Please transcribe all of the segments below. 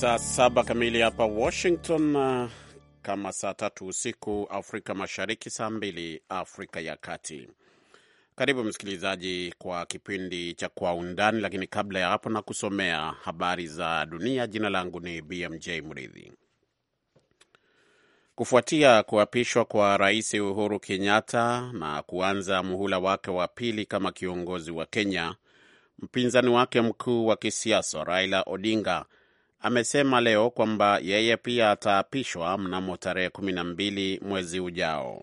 saa saba kamili hapa Washington, uh, kama saa tatu usiku Afrika Mashariki, saa mbili Afrika ya Kati. Karibu msikilizaji kwa kipindi cha Kwa Undani, lakini kabla ya hapo na kusomea habari za dunia. Jina langu ni BMJ Mridhi. Kufuatia kuapishwa kwa Rais Uhuru Kenyatta na kuanza muhula wake wa pili kama kiongozi wa Kenya, mpinzani wake mkuu wa kisiasa Raila Odinga amesema leo kwamba yeye pia ataapishwa mnamo tarehe kumi na mbili mwezi ujao.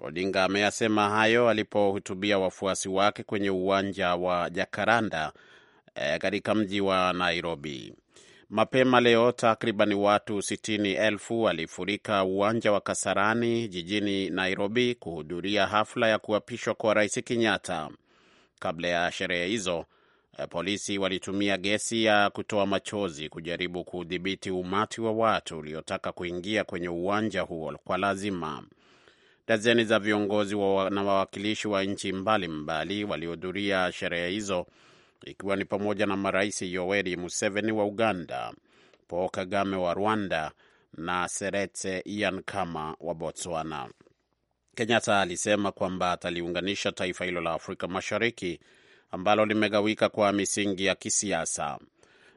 Odinga ameyasema hayo alipohutubia wafuasi wake kwenye uwanja wa Jakaranda e, eh, katika mji wa Nairobi. Mapema leo takriban watu sitini elfu walifurika uwanja wa Kasarani jijini Nairobi kuhudhuria hafla ya kuapishwa kwa Rais Kenyatta. Kabla ya sherehe hizo Eh, polisi walitumia gesi ya kutoa machozi kujaribu kudhibiti umati wa watu uliotaka kuingia kwenye uwanja huo kwa lazima. Dazeni za viongozi wa na wawakilishi wa nchi mbalimbali walihudhuria sherehe hizo, ikiwa ni pamoja na marais Yoweri Museveni wa Uganda, Paul Kagame wa Rwanda na Seretse Ian Kama wa Botswana. Kenyatta alisema kwamba ataliunganisha taifa hilo la Afrika Mashariki ambalo limegawika kwa misingi ya kisiasa.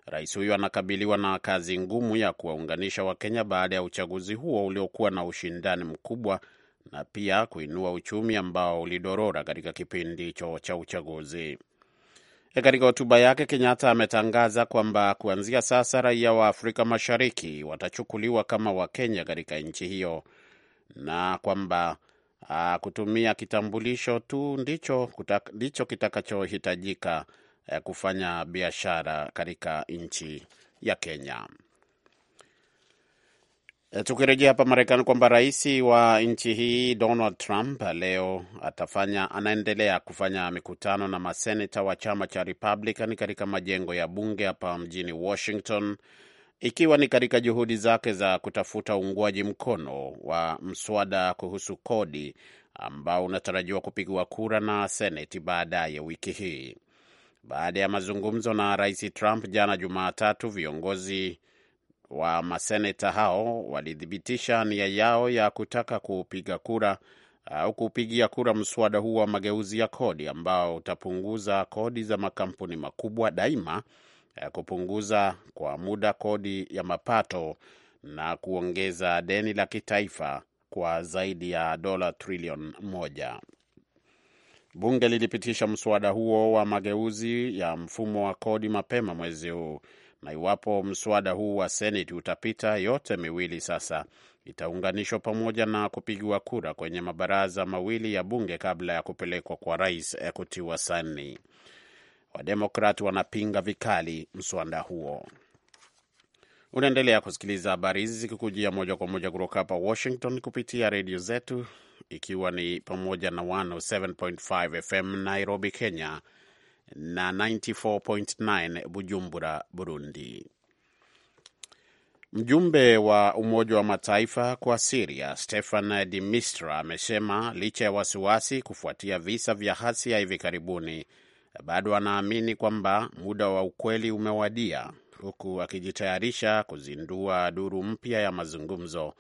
Rais huyo anakabiliwa na kazi ngumu ya kuwaunganisha Wakenya baada ya uchaguzi huo uliokuwa na ushindani mkubwa na pia kuinua uchumi ambao ulidorora katika kipindi hicho cha uchaguzi. E, katika hotuba yake Kenyatta ametangaza kwamba kuanzia sasa raia wa Afrika Mashariki watachukuliwa kama Wakenya katika nchi hiyo na kwamba uh, kutumia kitambulisho tu ndicho, ndicho kitakachohitajika uh, kufanya biashara katika nchi ya Kenya. Eh, tukirejea hapa Marekani, kwamba rais wa nchi hii Donald Trump leo atafanya anaendelea kufanya mikutano na maseneta wa chama cha Republican katika majengo ya bunge hapa mjini Washington, ikiwa ni katika juhudi zake za kutafuta uungwaji mkono wa mswada kuhusu kodi ambao unatarajiwa kupigwa kura na Seneti baadaye wiki hii. Baada ya mazungumzo na Rais Trump jana Jumatatu, viongozi wa maseneta hao walithibitisha nia yao ya kutaka kupiga kura au kupigia kura mswada huo wa mageuzi ya kodi ambao utapunguza kodi za makampuni makubwa daima Eh, kupunguza kwa muda kodi ya mapato na kuongeza deni la kitaifa kwa zaidi ya dola trilioni moja. Bunge lilipitisha mswada huo wa mageuzi ya mfumo wa kodi mapema mwezi huu, na iwapo mswada huu wa seneti utapita, yote miwili sasa itaunganishwa pamoja na kupigiwa kura kwenye mabaraza mawili ya bunge kabla ya kupelekwa kwa rais eh, kutiwa saini. Wademokrat wanapinga vikali mswada huo. Unaendelea kusikiliza habari hizi zikikujia moja kwa moja kutoka hapa Washington kupitia redio zetu, ikiwa ni pamoja na 107.5 FM Nairobi, Kenya na 94.9 Bujumbura, Burundi. Mjumbe wa Umoja wa Mataifa kwa Siria Stefan de amesema licha ya wasiwasi kufuatia visa vya hasia hivi karibuni bado anaamini kwamba muda wa ukweli umewadia, huku akijitayarisha kuzindua duru mpya ya mazungumzo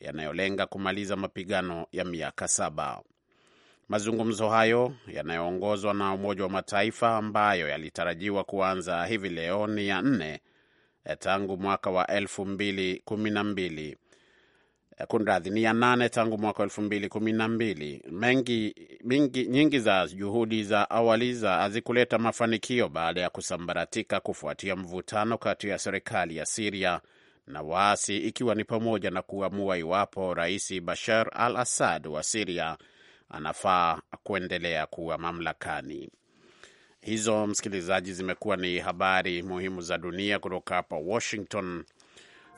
yanayolenga kumaliza mapigano ya miaka saba. Mazungumzo hayo yanayoongozwa na Umoja wa Mataifa ambayo yalitarajiwa kuanza hivi leo ni ya nne eh, tangu mwaka wa elfu mbili kumi na mbili Eh, kunradhi, ni ya nane tangu mwaka elfu mbili kumi na mbili. Mengi, mingi, nyingi za juhudi za awali za hazikuleta mafanikio baada ya kusambaratika kufuatia mvutano kati ya serikali ya Siria na waasi, ikiwa ni pamoja na kuamua iwapo Rais Bashar al Assad wa Siria anafaa kuendelea kuwa mamlakani. Hizo msikilizaji, zimekuwa ni habari muhimu za dunia kutoka hapa Washington.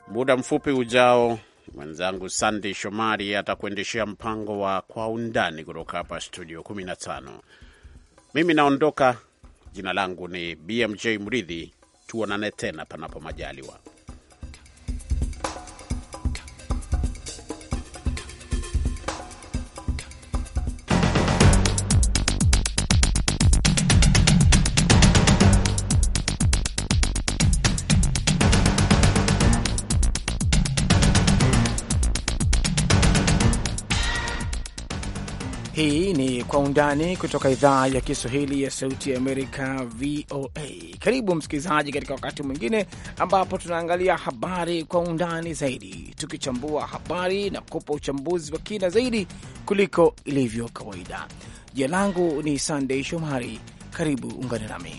Muda mfupi ujao Mwenzangu Sandey Shomari atakuendeshea mpango wa Kwa Undani kutoka hapa studio 15. Mimi naondoka. Jina langu ni BMJ Mridhi. Tuonane tena panapo majaliwa. Hii ni Kwa Undani kutoka idhaa ya Kiswahili ya Sauti ya Amerika, VOA. Karibu msikilizaji, katika wakati mwingine ambapo tunaangalia habari kwa undani zaidi, tukichambua habari na kupa uchambuzi wa kina zaidi kuliko ilivyo kawaida. Jina langu ni Sandei Shomari, karibu ungane nami.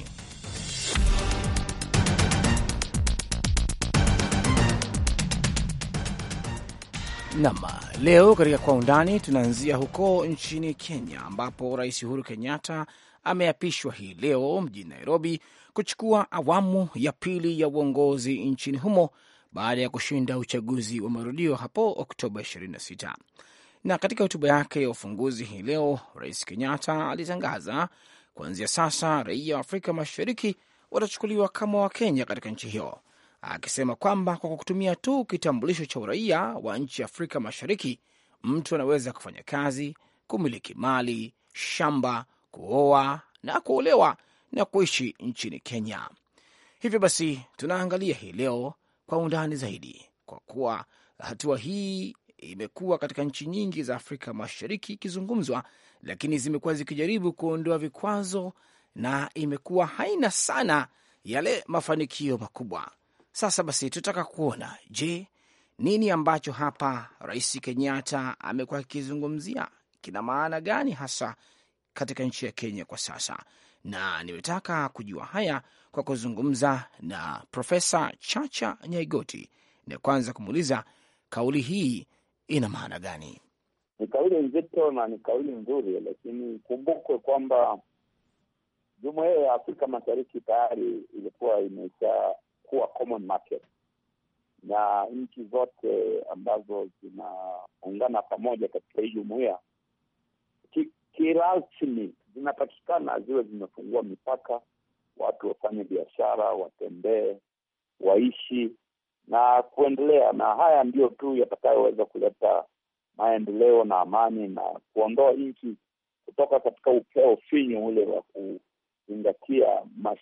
Nam, leo katika Kwa Undani tunaanzia huko nchini Kenya, ambapo Rais Uhuru Kenyatta ameapishwa hii leo mjini Nairobi kuchukua awamu ya pili ya uongozi nchini humo baada ya kushinda uchaguzi wa marudio hapo Oktoba 26. Na katika hotuba yake ya ufunguzi hii leo, Rais Kenyatta alitangaza kuanzia sasa raia wa Afrika Mashariki watachukuliwa kama Wakenya katika nchi hiyo akisema kwamba kwa kutumia tu kitambulisho cha uraia wa nchi ya Afrika Mashariki, mtu anaweza kufanya kazi, kumiliki mali, shamba, kuoa na kuolewa na kuishi nchini Kenya. Hivyo basi, tunaangalia hii leo kwa undani zaidi, kwa kuwa hatua hii imekuwa katika nchi nyingi za Afrika Mashariki ikizungumzwa, lakini zimekuwa zikijaribu kuondoa vikwazo na imekuwa haina sana yale mafanikio makubwa. Sasa basi, tunataka kuona, je, nini ambacho hapa Rais Kenyatta amekuwa akizungumzia kina maana gani hasa katika nchi ya Kenya kwa sasa? Na nimetaka kujua haya kwa kuzungumza na Profesa Chacha Nyaigoti na kwanza kumuuliza kauli hii ina maana gani? Ni kauli nzito na ni kauli nzuri, lakini kumbukwe kwamba jumuiya ya Afrika Mashariki tayari ilikuwa imesha kuwa common market, na nchi zote ambazo zinaungana pamoja katika hii jumuia kirasmi zinatakikana ziwe zimefungua mipaka, watu wafanye biashara, watembee, waishi na kuendelea. Na haya ndiyo tu yatakayoweza kuleta maendeleo na amani na kuondoa nchi kutoka katika upeo finyu ule wa kuzingatia mas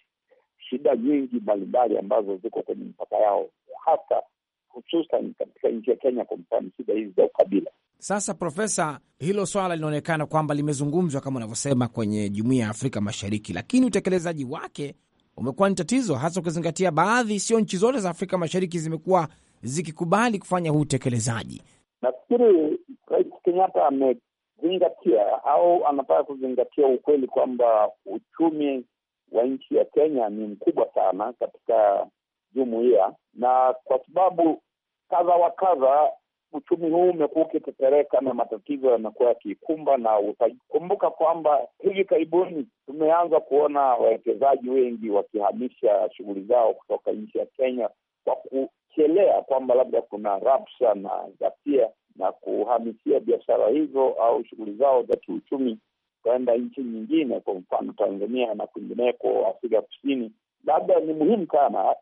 shida nyingi mbalimbali ambazo ziko kwenye mipaka yao, hasa hususan katika nchi ya Kenya, kwa mfano shida hizi za ukabila. Sasa Profesa, hilo swala linaonekana kwamba limezungumzwa kama unavyosema kwenye jumuia ya Afrika Mashariki, lakini utekelezaji wake umekuwa ni tatizo, hasa ukizingatia baadhi, sio nchi zote za Afrika Mashariki zimekuwa zikikubali kufanya huu utekelezaji. Nafikiri Rais Kenyatta amezingatia au anataka kuzingatia ukweli kwamba uchumi wa nchi ya Kenya ni mkubwa sana katika jumuiya, na kwa sababu kadha wa kadha uchumi huu umekuwa ukitetereka na matatizo yamekuwa yakiikumba, na utakumbuka kwamba hivi karibuni tumeanza kuona wawekezaji wengi wakihamisha shughuli zao kutoka nchi ya Kenya kwa kuchelea kwamba labda kuna rabsha na ghasia, na kuhamishia biashara hizo au shughuli zao za kiuchumi kwenda nchi nyingine, kwa mfano Tanzania na kwingineko Afrika Kusini. Labda ni muhimu sana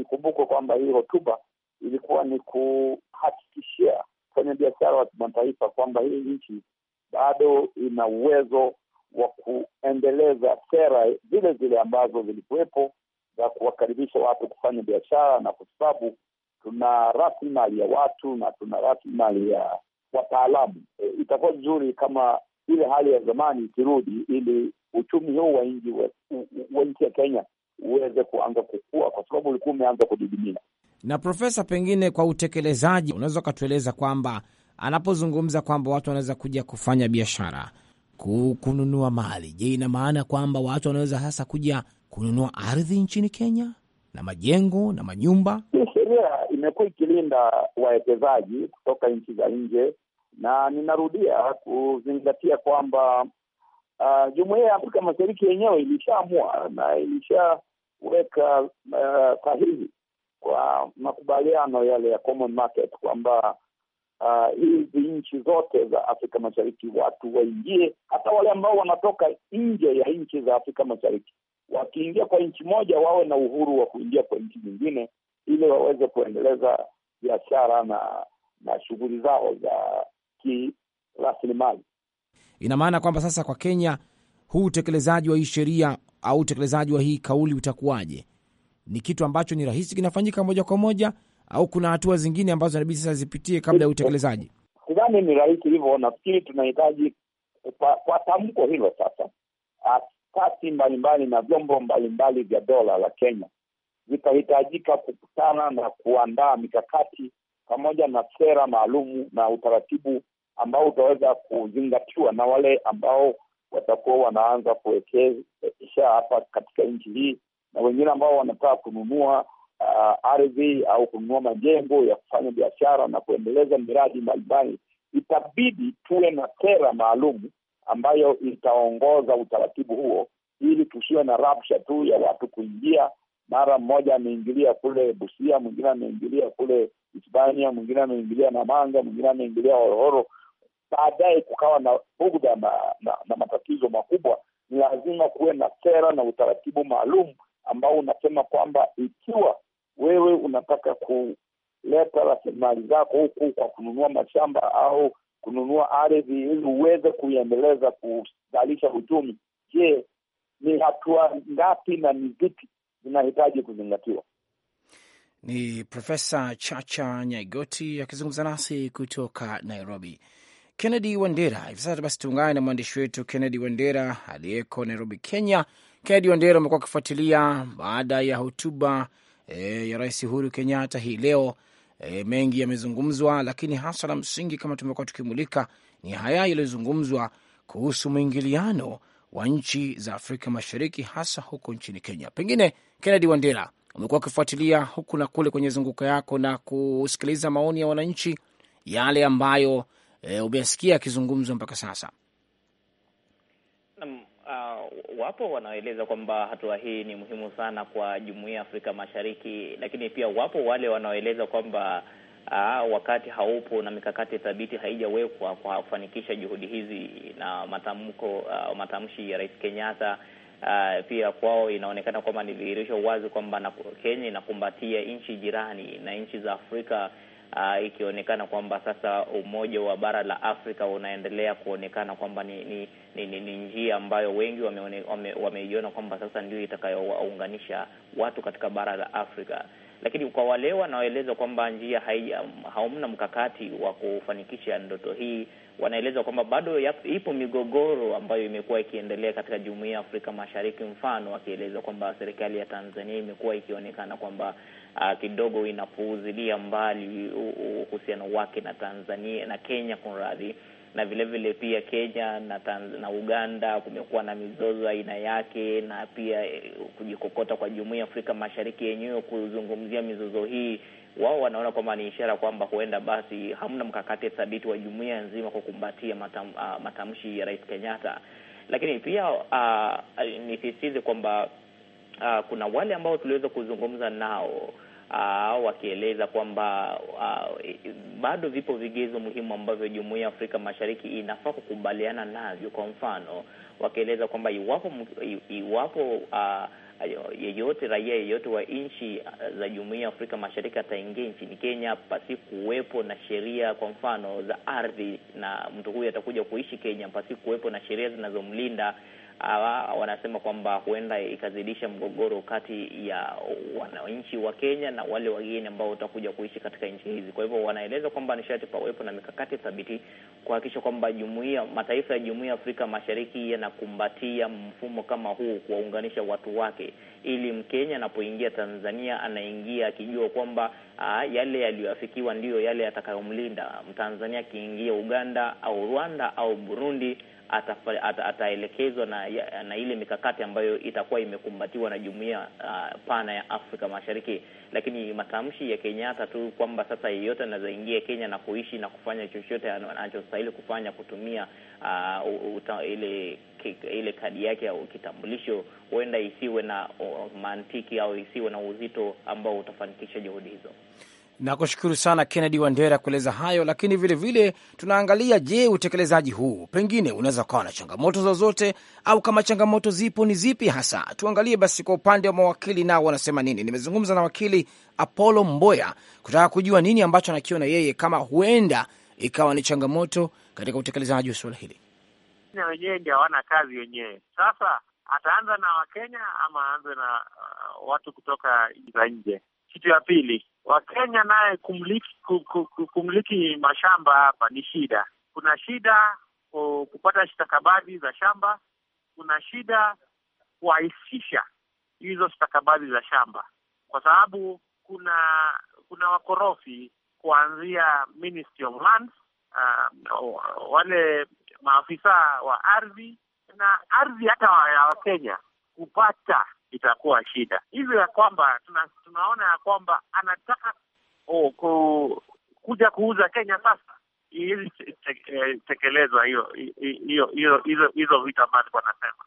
ikumbukwe kwamba hii hotuba ilikuwa ni kuhakikishia kwenye biashara wa kimataifa kwamba hii nchi bado ina uwezo wa kuendeleza sera zile zile ambazo zilikuwepo za kuwakaribisha watu kufanya biashara, na kwa sababu tuna rasilimali ya watu na tuna rasilimali ya wataalamu. E, itakuwa vizuri kama ile hali ya zamani ikirudi, ili uchumi huu wa nchi wa nchi ya Kenya uweze kuanza kukua, kwa sababu ulikuwa umeanza kudidimia. Na Profesa, pengine kwa utekelezaji, unaweza ukatueleza kwamba anapozungumza kwamba watu wanaweza kuja kufanya biashara, kununua mali, je, ina maana kwamba watu wanaweza hasa kuja kununua ardhi nchini Kenya na majengo na manyumba? Hii sheria imekuwa ikilinda wawekezaji kutoka nchi za nje na ninarudia kuzingatia kwamba uh, jumuiya ya Afrika Mashariki yenyewe ilishaamua na ilishaweka uh, sahihi kwa makubaliano yale ya common market kwamba uh, hizi uh, nchi zote za Afrika Mashariki watu waingie, hata wale ambao wanatoka nje ya nchi za Afrika Mashariki wakiingia kwa nchi moja, wawe na uhuru wa kuingia kwa nchi nyingine, ili waweze kuendeleza biashara na na shughuli zao za kirasilimali. Ina maana kwamba sasa kwa Kenya huu utekelezaji wa hii sheria au utekelezaji wa hii kauli utakuwaje? Ni kitu ambacho ni rahisi kinafanyika moja kwa moja, au kuna hatua zingine ambazo inabidi sasa zipitie kabla ya utekelezaji? Sidhani ni rahisi hivyo. Nafikiri tunahitaji kwa, kwa tamko hilo sasa asasi mbalimbali na vyombo mbalimbali vya dola la Kenya zitahitajika kukutana na kuandaa mikakati pamoja na sera maalumu na utaratibu ambao utaweza kuzingatiwa na wale ambao watakuwa wanaanza kuwekesha hapa katika nchi hii na wengine ambao wanataka kununua uh, ardhi au kununua majengo ya kufanya biashara na kuendeleza miradi mbalimbali. Itabidi tuwe na sera maalum ambayo itaongoza utaratibu huo, ili tusiwe na rabsha tu ya watu kuingia, mara mmoja ameingilia kule Busia, mwingine ameingilia kule Hispania, mwingine ameingilia Namanga, mwingine ameingilia Horohoro baadaye kukawa na bugdha na, na, na matatizo makubwa, ni lazima kuwe na sera na utaratibu maalum ambao unasema kwamba ikiwa wewe unataka kuleta rasilimali zako huku kwa kununua mashamba au kununua ardhi ili uweze kuiendeleza kuzalisha uchumi, je, ni hatua ngapi na ni zipi zinahitaji kuzingatiwa? Ni Profesa Chacha Nyaigoti akizungumza nasi kutoka Nairobi. Kennedy Wandera. Hivi sasa basi tuungane na mwandishi wetu Kennedy Wandera aliyeko Nairobi, Kenya. Kennedy Wandera, amekuwa akifuatilia baada ya hotuba e, ya Rais Uhuru Kenyatta hii leo. E, mengi yamezungumzwa, lakini hasa la msingi kama tumekuwa tukimulika ni haya yaliyozungumzwa kuhusu mwingiliano wa nchi za Afrika Mashariki, hasa huko nchini Kenya. Pengine Kennedy Wandera, umekuwa ukifuatilia huku na kule kwenye zunguko yako na kusikiliza maoni ya wananchi, yale ambayo e, umesikia akizungumzwa mpaka sasa? Um, uh, wapo wanaoeleza kwamba hatua hii ni muhimu sana kwa jumuiya ya Afrika Mashariki, lakini pia wapo wale wanaoeleza kwamba uh, wakati haupo na mikakati thabiti haijawekwa kwa kufanikisha juhudi hizi na matamko uh, matamshi ya Rais Kenyatta uh, pia kwao inaonekana kwamba ni dhihirisho wazi kwamba Kenya inakumbatia nchi jirani na nchi za Afrika uh, ikionekana kwamba sasa umoja wa bara la Afrika unaendelea kuonekana kwamba ni, ni, ni, ni, ni njia ambayo wengi wameiona wame, wame kwamba sasa ndio itakayowaunganisha watu katika bara la Afrika lakini kwa wale wanaoeleza kwamba njia hamna mkakati wa kufanikisha ndoto hii, wanaeleza kwamba bado ipo migogoro ambayo imekuwa ikiendelea katika jumuiya ya Afrika Mashariki, mfano wakieleza kwamba serikali ya Tanzania imekuwa ikionekana kwamba uh, kidogo inapuuzilia mbali uhusiano wake na Tanzania na Kenya kunradhi, na vile vile pia Kenya na Tanz na Uganda kumekuwa na mizozo aina yake, na pia eh, kujikokota kwa Jumuiya ya Afrika Mashariki yenyewe kuzungumzia mizozo hii wao wanaona kwamba ni ishara kwamba huenda basi hamna mkakati thabiti wa jumuiya nzima kwa kumbatia matam, uh, matamshi ya Rais Kenyatta. Lakini pia uh, nisisitize kwamba uh, kuna wale ambao tuliweza kuzungumza nao uh, wakieleza kwamba uh, bado vipo vigezo muhimu ambavyo jumuiya ya Afrika Mashariki inafaa kukubaliana navyo. Kwa mfano, wakieleza kwamba iwapo iwapo uh, yeyote raia yeyote wa nchi za jumuiya ya Afrika Mashariki ataingia nchini Kenya pasi kuwepo na sheria kwa mfano za ardhi, na mtu huyu atakuja kuishi Kenya pasi kuwepo na sheria zinazomlinda Hawa wanasema kwamba huenda ikazidisha mgogoro kati ya wananchi wa Kenya na wale wageni ambao watakuja kuishi katika nchi hizi. Kwa hivyo wanaeleza kwamba nishati pawepo na mikakati thabiti kuhakikisha kwamba jumuiya, mataifa ya jumuiya ya Afrika Mashariki yanakumbatia mfumo kama huu, kuwaunganisha watu wake, ili Mkenya anapoingia Tanzania anaingia akijua kwamba ah, yale yaliyoafikiwa ndiyo yale yatakayomlinda Mtanzania akiingia Uganda au Rwanda au Burundi ataelekezwa na, na ile mikakati ambayo itakuwa imekumbatiwa na jumuiya uh, pana ya Afrika Mashariki. Lakini matamshi ya Kenyatta tu kwamba sasa yeyote anazoingia Kenya na kuishi na kufanya chochote anachostahili kufanya kutumia uh, uta, ile ile kadi yake ya kitambulisho huenda isiwe na uh, mantiki au isiwe na uzito ambao utafanikisha juhudi hizo. Nakushukuru sana Kennedy Wandera kueleza hayo, lakini vilevile vile, tunaangalia je, utekelezaji huu pengine unaweza ukawa na changamoto zozote, au kama changamoto zipo ni zipi hasa? Tuangalie basi kwa upande wa mawakili nao wanasema nini. Nimezungumza na wakili Apollo Mboya kutaka kujua nini ambacho anakiona yeye kama huenda ikawa ni changamoto katika utekelezaji wa suala hili. wenyewe ndio hawana kazi wenyewe. Sasa ataanza na Wakenya ama aanze na uh, watu kutoka za nje? Kitu ya pili Wakenya naye kumliki kumliki mashamba hapa ni shida. Kuna shida kupata stakabadhi za shamba, kuna shida kuwahisisha hizo stakabadhi za shamba, kwa sababu kuna kuna wakorofi kuanzia Ministry of Land, uh, wale maafisa wa ardhi na ardhi hata ya Wakenya kupata itakuwa shida. Hivyo ya kwamba tuna, tunaona ya kwamba anataka oh, ku, kuja kuuza Kenya sasa ili e, tekelezwa hiyo hizo vitu ambazo wanasema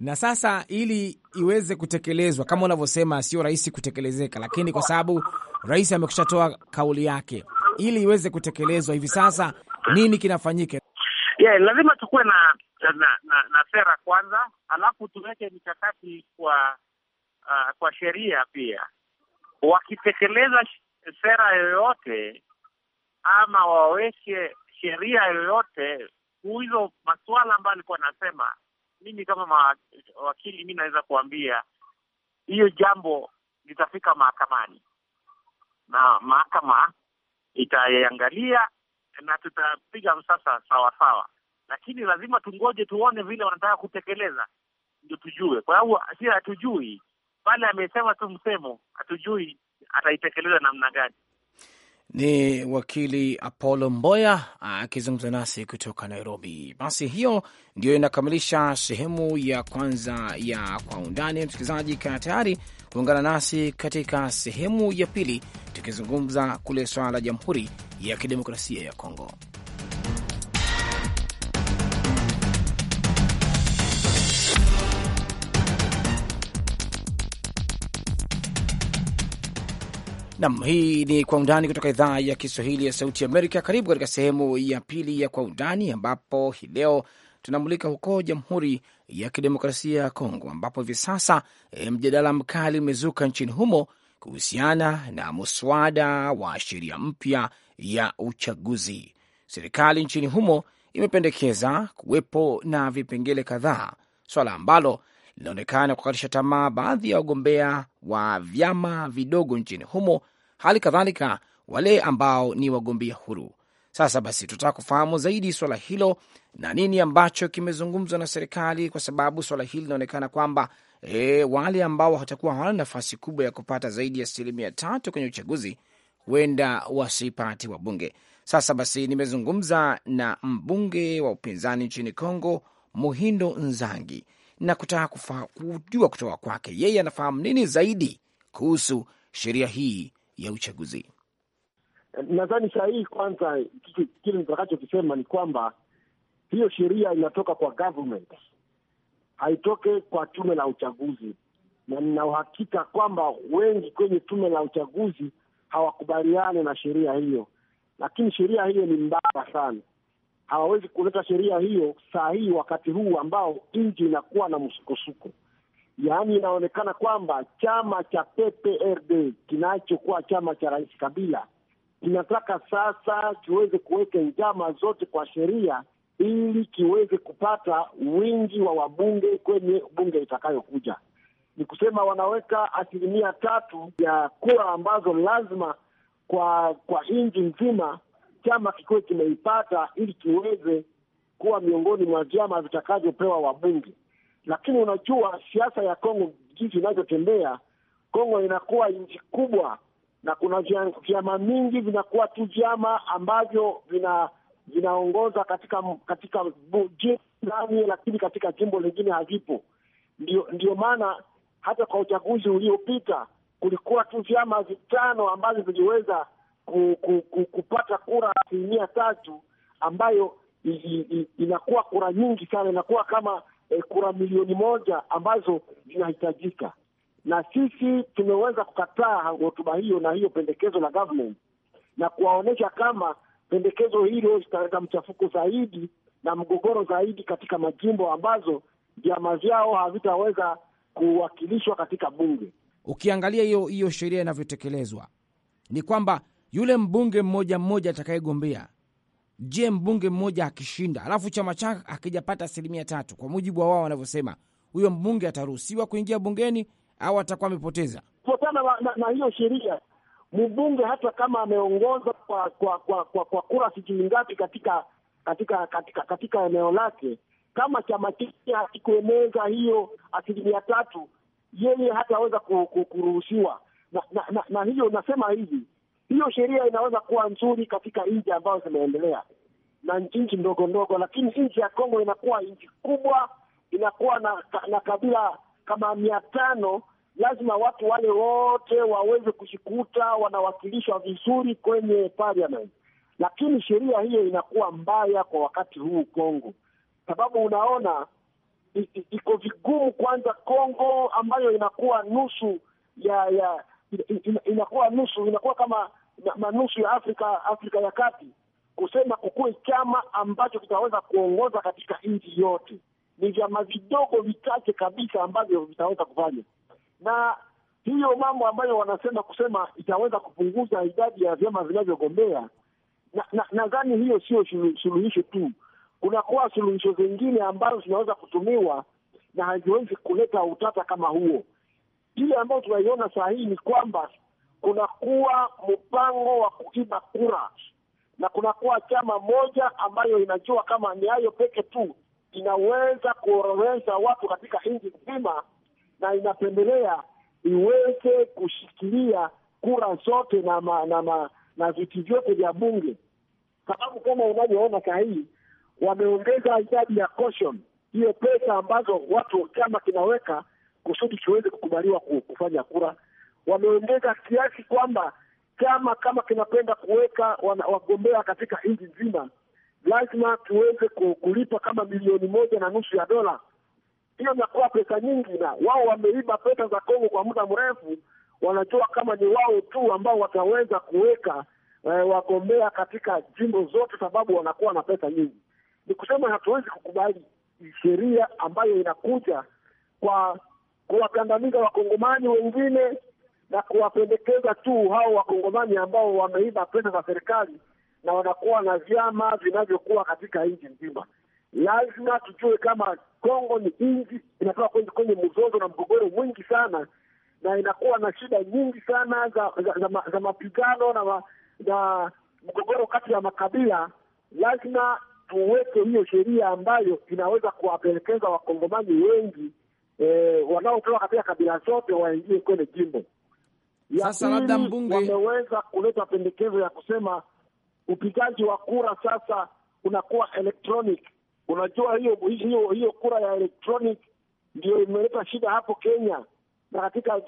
na sasa ili iweze kutekelezwa kama unavyosema, sio rahisi kutekelezeka, lakini kwa sababu rais amekushatoa kauli yake, ili iweze kutekelezwa hivi sasa, nini kinafanyika? yeah, lazima tukuwe na na, na na sera kwanza, alafu tuweke mikakati kwa uh, kwa sheria pia. Wakitekeleza sera yoyote ama waweke sheria yoyote hizo masuala ambayo alikuwa anasema, mimi kama wakili mi naweza kuambia hiyo jambo litafika mahakamani na mahakama itaiangalia na tutapiga msasa sawasawa sawa lakini lazima tungoje tuone vile wanataka kutekeleza, ndio tujue. Kwa sababu si hatujui, pale amesema tu msemo, hatujui ataitekeleza namna gani. Ni wakili Apollo Mboya akizungumza nasi kutoka Nairobi. Basi hiyo ndiyo inakamilisha sehemu ya kwanza ya Kwa Undani. Msikilizaji, kaa tayari kuungana nasi katika sehemu ya pili, tukizungumza kule swala la Jamhuri ya Kidemokrasia ya Kongo. Nam, hii ni Kwa Undani kutoka idhaa ya Kiswahili ya Sauti Amerika. Karibu katika sehemu ya pili ya Kwa Undani, ambapo hii leo tunamulika huko Jamhuri ya Kidemokrasia ya Kongo, ambapo hivi sasa e, mjadala mkali umezuka nchini humo kuhusiana na muswada wa sheria mpya ya uchaguzi. Serikali nchini humo imependekeza kuwepo na vipengele kadhaa, swala ambalo linaonekana kukatisha tamaa baadhi ya wagombea wa vyama vidogo nchini humo, hali kadhalika wale ambao ni wagombea huru. Sasa basi, tutaka kufahamu zaidi swala hilo na nini ambacho kimezungumzwa na serikali, kwa sababu swala hili linaonekana kwamba e, wale ambao watakuwa hawana nafasi kubwa ya kupata zaidi ya asilimia tatu kwenye uchaguzi huenda wasipati wabunge. Sasa basi, nimezungumza na mbunge wa upinzani nchini Kongo, Muhindo Nzangi na kutaka kujua kutoka kwake yeye anafahamu nini zaidi kuhusu sheria hii ya uchaguzi. Nadhani saa hii kwanza, kile nitakachokisema ni kwamba hiyo sheria inatoka kwa government, haitoke kwa tume la uchaguzi, na nina uhakika kwamba wengi kwenye tume la uchaguzi hawakubaliane na sheria hiyo, lakini sheria hiyo ni mbaya sana hawawezi kuleta sheria hiyo saa hii, wakati huu ambao nchi inakuwa na msukosuko. Yaani inaonekana kwamba chama cha PPRD kinachokuwa chama cha Rais Kabila kinataka sasa kiweze kuweka njama zote kwa sheria ili kiweze kupata wingi wa wabunge kwenye bunge itakayokuja. Ni kusema wanaweka asilimia tatu ya kura ambazo lazima kwa kwa nchi nzima chama kikuwe kimeipata ili kiweze kuwa miongoni mwa vyama vitakavyopewa wabunge. Lakini unajua siasa ya Kongo jinsi inavyotembea, Kongo inakuwa nchi kubwa na kuna vyama mingi vinakuwa tu vyama ambavyo vina vinaongoza katika katika jimbo lakini katika jimbo lingine havipo. Ndio, ndio maana hata kwa uchaguzi uliopita kulikuwa tu vyama vitano ambavyo viliweza ku, ku, ku, kupata kura asilimia tatu ambayo i, i, inakuwa kura nyingi sana, inakuwa kama e, kura milioni moja ambazo zinahitajika, na sisi tumeweza kukataa hotuba hiyo na hiyo pendekezo la government na kuwaonyesha kama pendekezo hilo zitaleta mchafuko zaidi na mgogoro zaidi katika majimbo ambazo vyama vyao havitaweza kuwakilishwa katika bunge. Ukiangalia hiyo hiyo sheria inavyotekelezwa ni kwamba yule mbunge mmoja mmoja atakayegombea. Je, mbunge mmoja akishinda, alafu chama chake akijapata asilimia tatu, kwa mujibu wa wao wanavyosema, huyo mbunge ataruhusiwa kuingia bungeni au atakuwa amepoteza? Kufuatana na, na hiyo sheria, mbunge hata kama ameongoza kwa kwa, kwa, kwa, kwa kura sijui ngapi katika katika katika katika eneo lake, kama chama chake hakikueneza hiyo asilimia tatu, yeye hataweza kuruhusiwa na, na, na, na hiyo nasema hivi hiyo sheria inaweza kuwa nzuri katika nchi ambazo zimeendelea na nchi ndogo ndogo, lakini nchi ya Kongo inakuwa nchi kubwa, inakuwa na, na kabila kama mia tano. Lazima watu wale wote waweze kujikuta wanawakilishwa vizuri kwenye parliament, lakini sheria hiyo inakuwa mbaya kwa wakati huu Kongo, sababu unaona iko vigumu. Kwanza Kongo ambayo inakuwa nusu ya ya in, inakuwa nusu, inakuwa kama manusu ya Afrika, Afrika ya Kati, kusema kukuwe chama ambacho kitaweza kuongoza katika nchi yote. Ni vyama vidogo vichache kabisa ambavyo vitaweza kufanya, na hiyo mambo ambayo wanasema kusema itaweza kupunguza idadi ya vyama vinavyogombea, nadhani na, na hiyo sio suluhisho tu. Kunakuwa suluhisho zingine ambazo zinaweza kutumiwa na haziwezi kuleta utata kama huo. Ile ambayo tunaiona saa hii ni kwamba kunakuwa mpango wa kuiba kura na kunakuwa chama moja ambayo inajua kama ni hayo peke tu inaweza kuorowesha watu katika nchi nzima, na inapendelea iweze kushikilia kura zote na ma, na, ma, na viti vyote vya bunge, sababu kama unavyoona saa hii wameongeza idadi ya caution, hiyo pesa ambazo watu chama kinaweka kusudi kiweze kukubaliwa kufanya kura. Wameongeza kiasi kwamba chama kama kinapenda kuweka wagombea katika nchi nzima, lazima tuweze kulipa kama milioni moja na nusu ya dola. Hiyo inakuwa pesa nyingi, na wao wameiba pesa za Kongo kwa muda mrefu. Wanajua kama ni wao tu ambao wataweza kuweka eh, wagombea katika jimbo zote, sababu wanakuwa na pesa nyingi. Ni kusema hatuwezi kukubali sheria ambayo inakuja kwa kuwakandamiza wakongomani wengine na kuwapendekeza tu hao wakongomani ambao wameiba pesa za serikali na wanakuwa na vyama vinavyokuwa katika nchi nzima. Lazima tujue kama Kongo ni nchi inatoka kwenye, kwenye mzozo na mgogoro mwingi sana na inakuwa na shida nyingi sana za, za, za, za, za mapigano na, na mgogoro kati ya makabila. Lazima tuweke hiyo sheria ambayo inaweza kuwapelekeza wakongomani wengi e, eh, wanaotoka katika kabila zote waingie kwenye jimbo. Sasa labda mbunge wameweza kuleta pendekezo ya kusema upigaji wa kura sasa unakuwa electronic. Unajua hiyo hiyo hiyo kura ya electronic ndio imeleta shida hapo Kenya na katika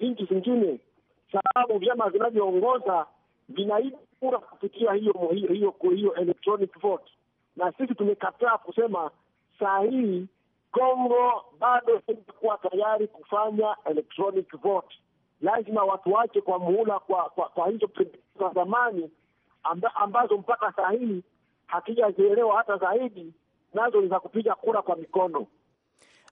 nchi zingine, sababu vyama vinavyoongoza vinaiba kura kupitia hiyo hiyo hiyo electronic vote, na sisi tumekataa kusema saa hii Kongo bado haitakuwa tayari kufanya electronic vote. Lazima watu wake kwa muhula kwa, kwa, kwa hizo za zamani amba, ambazo mpaka saa hii hatujazielewa hata zaidi, nazo ni za kupiga kura kwa mikono.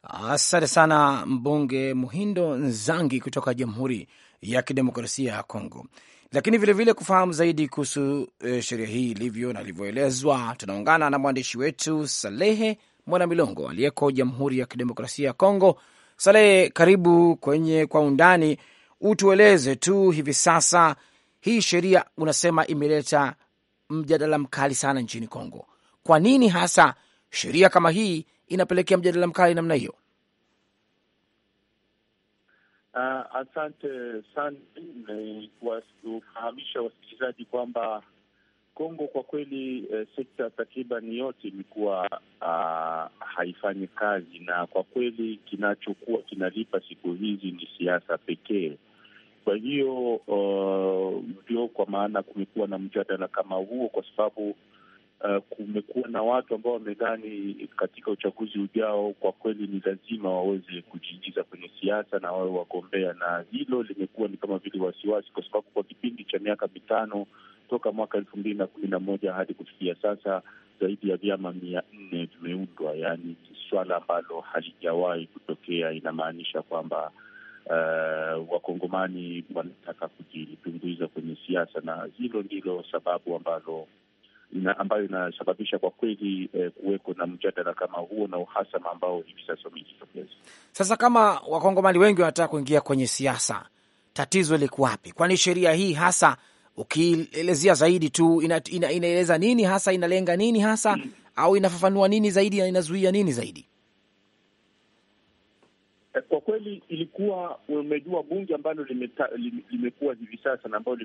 Asante sana mbunge Muhindo Nzangi kutoka Jamhuri ya Kidemokrasia ya Kongo. Lakini vilevile kufahamu zaidi kuhusu e, sheria hii ilivyo na ilivyoelezwa, tunaungana na mwandishi wetu Salehe Mwana Milongo aliyeko Jamhuri ya Kidemokrasia ya Kongo. Salehe, karibu kwenye Kwa Undani. Utueleze tu hivi sasa, hii sheria unasema imeleta mjadala mkali sana nchini Kongo. Kwa nini hasa sheria kama hii inapelekea mjadala mkali namna hiyo? Uh, asante sana, ni kuwafahamisha wasikilizaji kwamba Kongo kwa kweli, eh, sekta takriban yote imekuwa ah, haifanyi kazi, na kwa kweli kinachokuwa kinalipa siku hizi ni siasa pekee. Kwa hiyo oh, ndio uh, kwa maana kumekuwa na mjadala kama huo, kwa sababu uh, kumekuwa na watu ambao wamedhani katika uchaguzi ujao kwa kweli ni lazima waweze kujiingiza kwenye siasa na wawe wagombea, na hilo limekuwa ni kama vile wasiwasi, kwa sababu kwa kipindi cha miaka mitano toka mwaka elfu mbili na kumi na moja hadi kufikia sasa zaidi ya vyama mia nne vimeundwa. Yaani swala ambalo halijawahi kutokea, inamaanisha kwamba uh, wakongomani wanataka kujitumbuiza kwenye siasa, na hilo ndilo sababu ambalo ina, ambayo inasababisha kwa kweli eh, kuweko na mjadala kama huo na uhasama ambao hivi sasa umejitokeza. Sasa kama wakongomani wengi wanataka kuingia kwenye siasa, tatizo liko wapi? Kwani sheria hii hasa ukielezea zaidi tu ina, ina, inaeleza nini hasa, inalenga nini hasa, mm. au inafafanua nini zaidi na inazuia nini zaidi? Eh, kwa kweli ilikuwa umejua bunge ambalo limekuwa hivi sasa na ambalo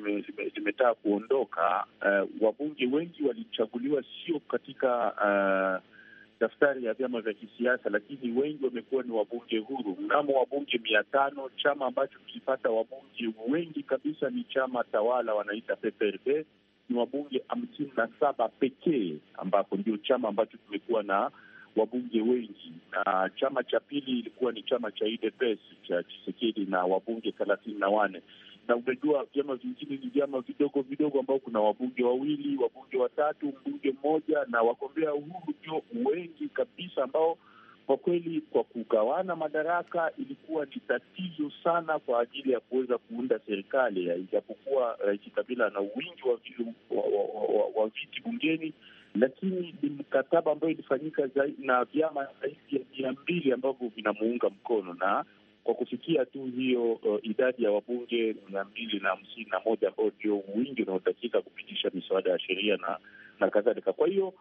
limetaka kuondoka. Uh, wabunge wengi walichaguliwa sio katika uh, daftari ya vyama vya kisiasa, lakini wengi wamekuwa ni wabunge huru. Mnamo wabunge mia tano, chama ambacho kilipata wabunge wengi kabisa ni chama tawala, wanaita PPRD. Ni wabunge hamsini na saba pekee, ambapo ndio chama ambacho kimekuwa na wabunge wengi, na chama cha pili ilikuwa ni chama cha UDPS cha Chisekedi na wabunge thelathini na wane na umejua vyama vingine ni vyama vidogo vidogo ambao kuna wabunge wawili, wabunge watatu, mbunge mmoja na wagombea uhuru ndio wengi kabisa, ambao kwa kweli kwa kugawana madaraka ilikuwa ni tatizo sana kwa ajili ya kuweza kuunda serikali, ijapokuwa Rais Kabila ana wingi wa, wa, wa, wa, wa viti bungeni lakini ni mkataba ambayo ilifanyika na vyama zaidi ya mia mbili ambavyo vinamuunga mkono na kwa kufikia tu hiyo uh, idadi ya wabunge mia mbili na hamsini na moja ambao ndio wingi unaotakika kupitisha miswada ya sheria na na kadhalika. Kwa hiyo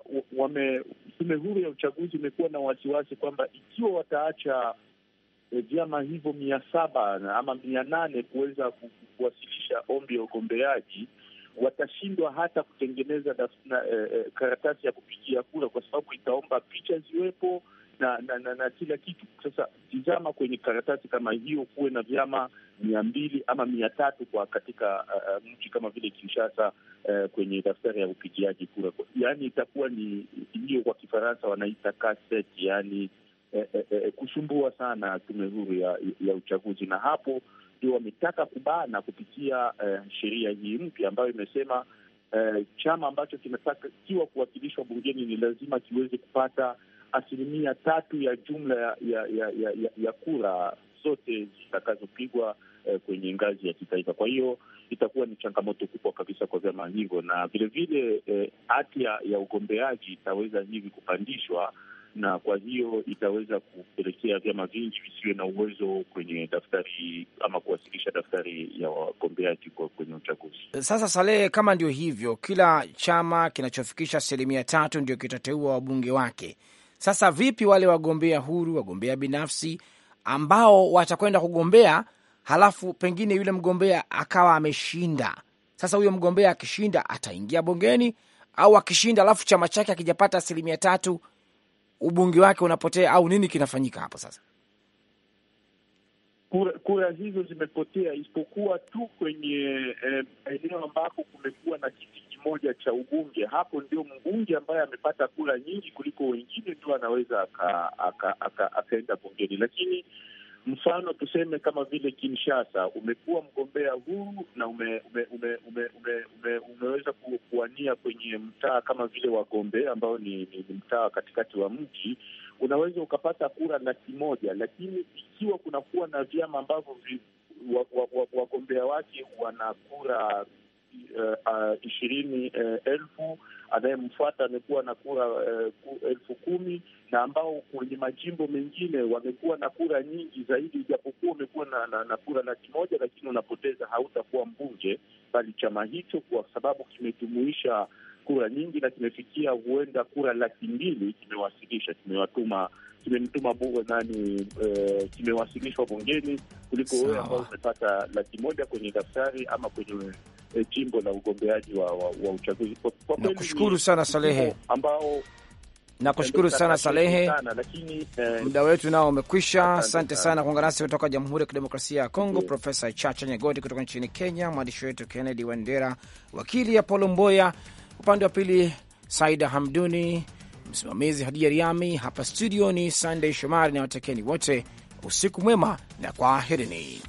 uh, wame tume huru ya uchaguzi imekuwa na wasiwasi kwamba ikiwa wataacha eh, vyama hivyo mia saba ama mia nane kuweza kuwasilisha ombi ya ugombeaji watashindwa hata kutengeneza na, eh, eh, karatasi ya kupigia kura kwa sababu itaomba picha ziwepo na na, na na kila kitu. Sasa tizama kwenye karatasi kama hiyo, kuwe na vyama mia mbili ama mia tatu kwa katika uh, eh, mji eh, kama vile Kinshasa uh, kwenye daftari ya upigiaji kura, yaani itakuwa ni hiyo, kwa Kifaransa wanaita kaseti, yaani eh, eh, kusumbua sana tume huru ya, ya uchaguzi, na hapo ndio wametaka kubana kupitia uh, sheria hii mpya ambayo imesema uh, chama ambacho kimetakiwa kuwakilishwa bungeni ni lazima kiweze kupata asilimia tatu ya jumla ya, ya, ya, ya, ya kura zote zitakazopigwa uh, kwenye ngazi ya kitaifa. Kwa hiyo itakuwa ni changamoto kubwa kabisa kwa vyama hivyo, na vilevile hati eh, ya ugombeaji itaweza hivi kupandishwa na kwa hiyo itaweza kupelekea vyama vingi visiwe na uwezo kwenye daftari ama kuwasilisha daftari ya wagombeaji kwenye uchaguzi. Sasa Salehe, kama ndio hivyo, kila chama kinachofikisha asilimia tatu ndio kitateua wabunge wake. Sasa vipi wale wagombea huru, wagombea binafsi ambao watakwenda kugombea, halafu pengine yule mgombea akawa ameshinda? Sasa huyo mgombea akishinda ataingia bungeni, au akishinda alafu chama chake akijapata asilimia tatu ubungi wake unapotea au nini kinafanyika hapo sasa? Kura, kura hizo zimepotea isipokuwa tu kwenye eh, maeneo eh, ambako kumekuwa na kiti kimoja cha ubunge. Hapo ndio mbunge ambaye amepata kura nyingi kuliko wengine ndio anaweza akaenda aka, aka, aka bungeni, lakini Mfano tuseme kama vile Kinshasa, umekuwa mgombea huru na ume, ume, ume, ume, ume, ume, umeweza kuwania kwenye mtaa kama vile wagombea ambao ni, ni, ni mtaa katikati wa mji, unaweza ukapata kura laki moja, lakini ikiwa kunakuwa na vyama ambavyo wagombea wa, wa, wa wake wana kura ishirini uh, uh, elfu anayemfuata amekuwa na kura uh, elfu kumi na ambao kwenye majimbo mengine wamekuwa na kura nyingi zaidi, ijapokuwa umekuwa na, na, na kura laki moja lakini unapoteza, hautakuwa mbunge, bali chama hicho kwa sababu kimejumuisha kura nyingi na kimefikia huenda kura laki mbili kimewasilisha kimewatuma kimemtuma bunge nani e, kimewasilishwa bungeni kuliko wewe ambao umepata laki moja kwenye daftari ama kwenye e, jimbo la ugombeaji wa, wa, wa uchaguzi. Nakushukuru sana Salehe, ambao nakushukuru eh, sana Salehe, eh, muda wetu nao umekwisha. Asante sana kuungana nasi. Kutoka Jamhuri ya Kidemokrasia ya Kongo, Profesa Chacha Nyegoti kutoka nchini Kenya, mwandishi wetu Kennedy Wandera, wakili Apolo Mboya upande wa pili, Saida Hamduni msimamizi, Hadija Riami hapa studio, ni Sandey Shomari na watekeni wote, usiku mwema na kwaherini.